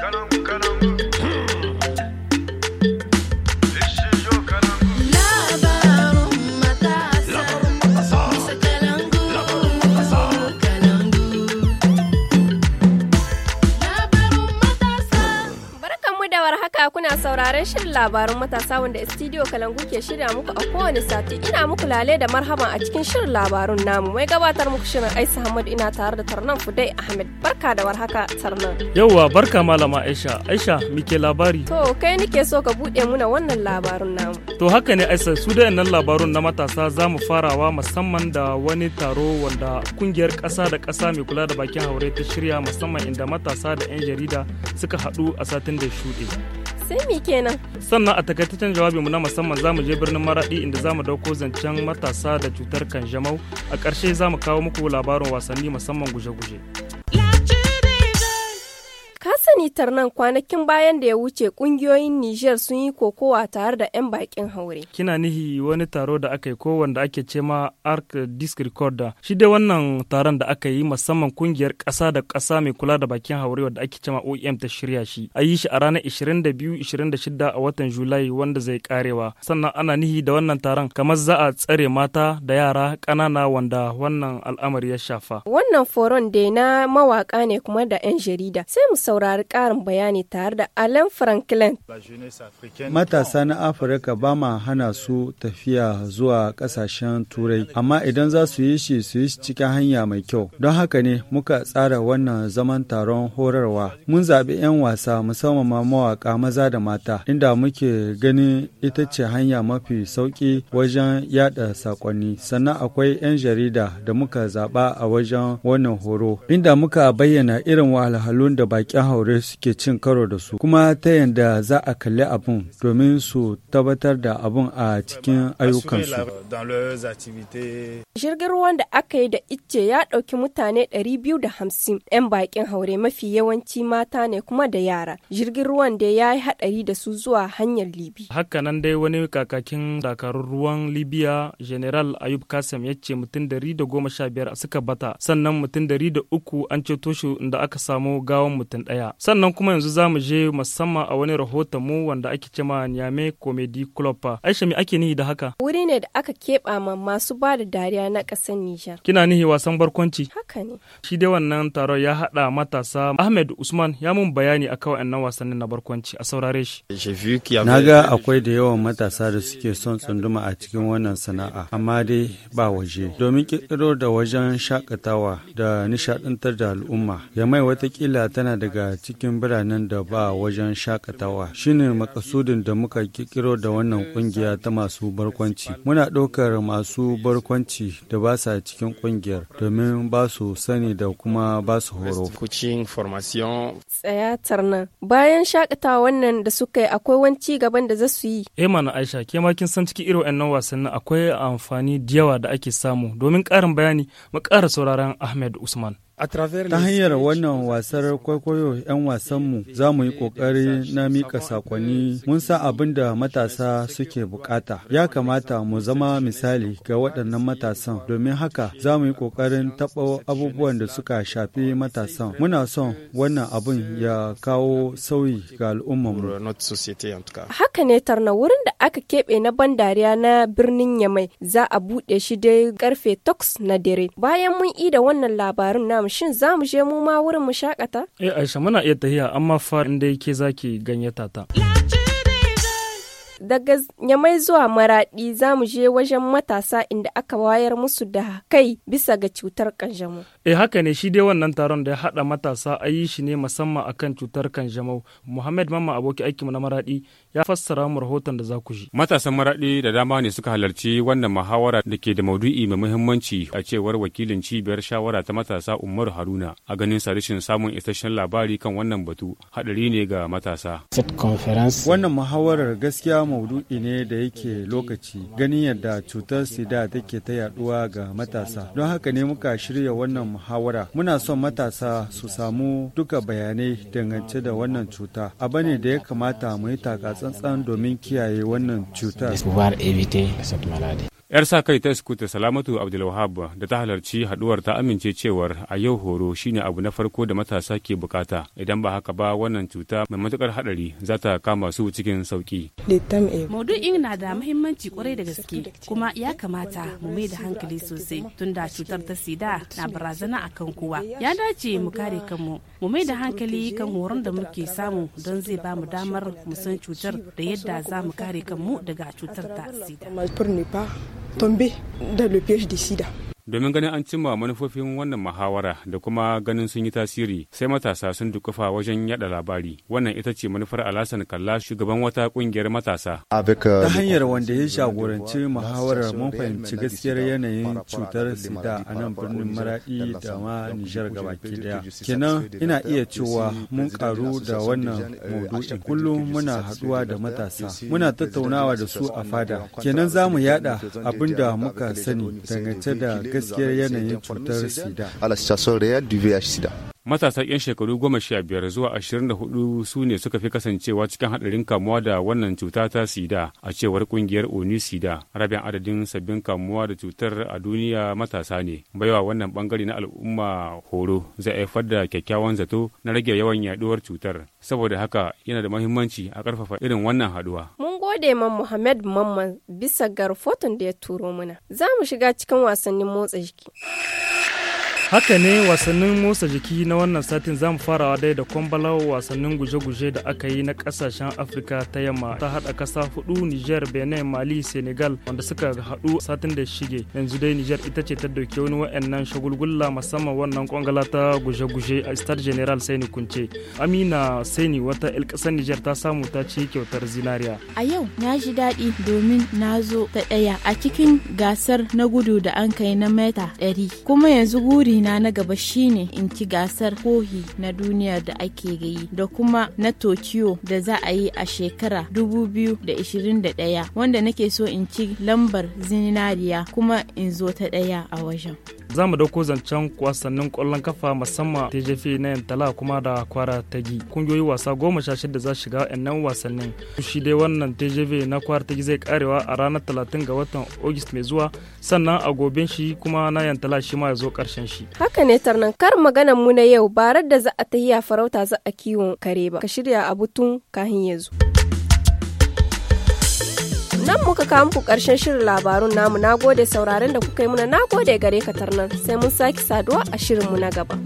caramba, caramba. sauraren shirin labarin matasa wanda studio Kalangu ke shirya muku a kowane sati ina muku lale da marhaba a cikin shirin labarun namu mai gabatar muku shirin aisa hamad ina tare da Tarnan Fudai Ahmed barka da warhaka Tarnan. Yauwa barka malama Aisha Aisha muke labari. To kai nike so ka bude muna wannan labarun namu. To haka ne Aisha su da nan labarun na matasa za mu farawa musamman da wani taro wanda kungiyar kasa da kasa mai kula da bakin haure ta shirya musamman inda matasa da 'yan jarida suka haɗu a satin da shuɗe. sai kenan sannan a takaitaccen jawabin mu na musamman zamu je birnin maradi inda zamu dauko zancen matasa da cutar kanjamau a ƙarshe zamu kawo muku labarin wasanni musamman guje-guje sani nan kwanakin bayan da ya wuce kungiyoyin Nijar sun yi kokowa tare da 'yan bakin haure. Kina nihi wani taro da aka yi ko wanda ake ce ma Arc Disc Recorder. Shi dai wannan taron da aka yi musamman kungiyar kasa da kasa mai kula da bakin haure wanda ake ce ma OEM ta shirya shi. A yi shi a ranar 22-26 a watan Julai wanda zai karewa. Sannan ana nihi da wannan taron kamar za a tsare mata da yara kanana wanda wannan al'amari ya shafa. Wannan foron dai na mawaka ne kuma da 'yan jarida. Sai mu saura saurari ƙarin bayani tare da alan Franklin. Matasa na Afirka ba ma hana su tafiya zuwa ƙasashen Turai, amma idan za su yi shi su yi cikin hanya mai kyau. Don haka ne muka tsara wannan zaman taron horarwa. Mun zaɓi 'yan wasa musamman ma mawaƙa maza da mata, inda muke ganin ita ce hanya mafi sauƙi wajen yaɗa saƙonni. Sannan akwai 'yan jarida da muka zaɓa a wajen wannan horo, inda muka bayyana irin wahalhalun da baƙin haure suke cin karo da su kuma ta yadda za a kalli abun domin su tabbatar da abun a cikin ayyukansu. Jirgin ruwan da aka yi da icce ya ɗauki mutane 250 'yan bakin haure mafi yawanci mata ne kuma da yara. Jirgin ruwan da ya yi haɗari da su zuwa hanyar Libi. haka nan dai wani kakakin dakarun ruwan Libya General Ayub Kasim ya ce mutum 115 suka bata sannan mutum uku an ceto shi da aka samu gawan mutum ɗaya. sannan kuma yanzu za mu je musamman a wani rahoton mu wanda ake cema nyame comedy club aisha me ake nihi da haka wuri ne da aka keɓa ma masu ba da dariya na ƙasar nijar kina nihi wasan barkwanci haka ne shi dai wannan taron ya haɗa matasa ahmed usman ya mun bayani akan wa'annan wasannin na barkwanci a saurare shi na ga akwai da yawan matasa da suke son tsunduma a cikin wannan sana'a amma dai ba waje domin kirkiro da wajen shakatawa da nishadantar da al'umma yamai watakila tana daga cikin biranen da ba wajen shakatawa shine makasudin da muka kikiro da wannan kungiya ta masu barkwanci muna ɗaukar masu barkwanci da ba sa cikin kungiyar domin ba su sani da kuma ba su horo tsayatar bayan shakatawa wannan da suka yi akwai wani gaban da za su yi eh mana aisha ke ma kin san cikin irin wannan wasannin akwai amfani da yawa da ake samu domin ƙarin bayani mu ƙara sauraron ahmed usman Ta hanyar wannan wasar kwaikwayo 'yan wasanmu za mu yi ƙoƙari na mika sakonni mun sa abin da matasa suke bukata. Ya kamata mu zama misali ga waɗannan matasan domin haka za mu yi ƙoƙarin taɓa abubuwan da suka shafi matasan. Muna son wannan abin ya kawo sauyi ga al'ummarmu. Haka ne tarna wurin da aka keɓe na ban dariya na birnin Yamai za a buɗe shi dai karfe 8 na dare. Bayan mun da wannan labarin namu shin za mu je mu ma wurin mu shakata eh aisha muna iya tahiya amma fa inda yake zaki ganyata ta Daga Nyamai zuwa Maraɗi za mu je wajen matasa inda aka wayar musu da kai bisa ga cutar kanjamau. Eh haka ne shi dai wannan taron da ya haɗa matasa a yi shi ne musamman akan cutar kanjamau. Muhammad mamma aboki aikinmu na Maraɗi ya fassara mu rahoton da za ku ji. Matasan Maraɗi da dama ne suka halarci wannan muhawara da ke da maudu'i mai muhimmanci a cewar wakilin cibiyar shawara ta matasa Umaru Haruna. A ganin sarishin samun isasshen labari kan wannan batu haɗari ne ga matasa. Wannan muhawarar gaskiya maudu'i ne da yake lokaci ganin yadda cutar sida take ta yaduwa ga matasa. Don haka ne muka shirya wannan muhawara. Muna son matasa su samu duka bayanai dangance da wannan cuta. Abu ne da ya kamata mu yi takatsantsan domin kiyaye wannan cutar. 'Yar sa kai ta Iskuta Salamatu Abdulwahab da ta halarci haduwar ta amince cewar a yau horo shine abu na farko da matasa ke bukata idan ba haka ba wannan cuta mai matukar hadari za ta kama su cikin sauki. Maudu'in na da muhimmanci kwarai da gaske kuma ya kamata mu mai da hankali sosai tun da cutar ta sida na barazana a kan kowa. Ya dace mu kare kanmu mu mai da hankali kan horon da muke samu don zai ba mu damar mu san cutar da yadda za mu kare kanmu daga cutar ta sida. tomber dans le piège d'ici sida. domin ganin an cimma manufofin wannan muhawara da kuma ganin sun yi tasiri sai matasa sun dukufa wajen yada labari wannan ita ce manufar alasan kalla shugaban wata kungiyar matasa euh, ta hanyar wanda ya jagoranci muhawarar mun fahimci gaskiyar yanayin cutar sida a nan birnin maradi da ma nijar gabaki daya kenan ina iya cewa mun karu da wannan euh, maudu'i kullum muna haduwa da matasa muna tattaunawa da su a fada kenan za mu yada abin da muka sani dangance da gaskiyar yanayin cutar sida matasa 'yan shekaru goma sha biyar zuwa ashirin da hudu su ne suka fi kasancewa cikin haɗarin kamuwa da wannan cuta ta sida a cewar kungiyar oni sida rabin adadin sabbin kamuwa da cutar a duniya matasa ne baiwa wannan bangare na al'umma horo zai haifar da kyakkyawan zato na rage yawan yaduwar cutar saboda haka yana da mahimmanci a karfafa irin wannan haduwa gode man Muhammad Mamman bisa ga rahoton da ya turo mana. Za mu shiga cikin wasannin motsa jiki. haka ne wasannin motsa jiki na wannan satin za mu farawa dai da kwambala wasannin guje-guje da aka yi na kasashen afirka ta yamma ta hada kasa hudu niger benin mali senegal wanda suka haɗu satin da shige yanzu dai niger ita ce ta dauki wani wa'annan shagulgulla musamman wannan kwangala ta guje-guje a star general saini kunce amina saini wata 'yan ƙasar niger ta samu ta ci kyautar zinariya a yau na ji daɗi domin na zo ta ɗaya a cikin gasar na gudu da an kai na mita 100 kuma yanzu guri na na gaba shine in ci gasar kohi na duniya da ake gayi da kuma na Tokyo da za a yi a shekara 2021 wanda nake so in ci lambar zinariya kuma in zo ta ɗaya a wajen. za mu dauko zancen wasannin kwallon kafa musamman tjf na yantala kuma da kwara tagi kungiyoyi wasa goma sha shida za shiga wa'annan wasannin shi dai wannan tjf na kwara tagi zai karewa a ranar talatin ga watan august mai zuwa sannan a goben shi kuma na yantala shi ma ya zo karshen shi haka ne tarnan kar maganar mu na yau barar da za a ta tahiya farauta za a kiwon kare ba ka shirya a butun kahin ya zo. nan muka kawo muku karshen shirin labarun namu na gode sauraron da kuka yi muna na gode gare ka tarnar sai mun sake saduwa a shirinmu na gaba.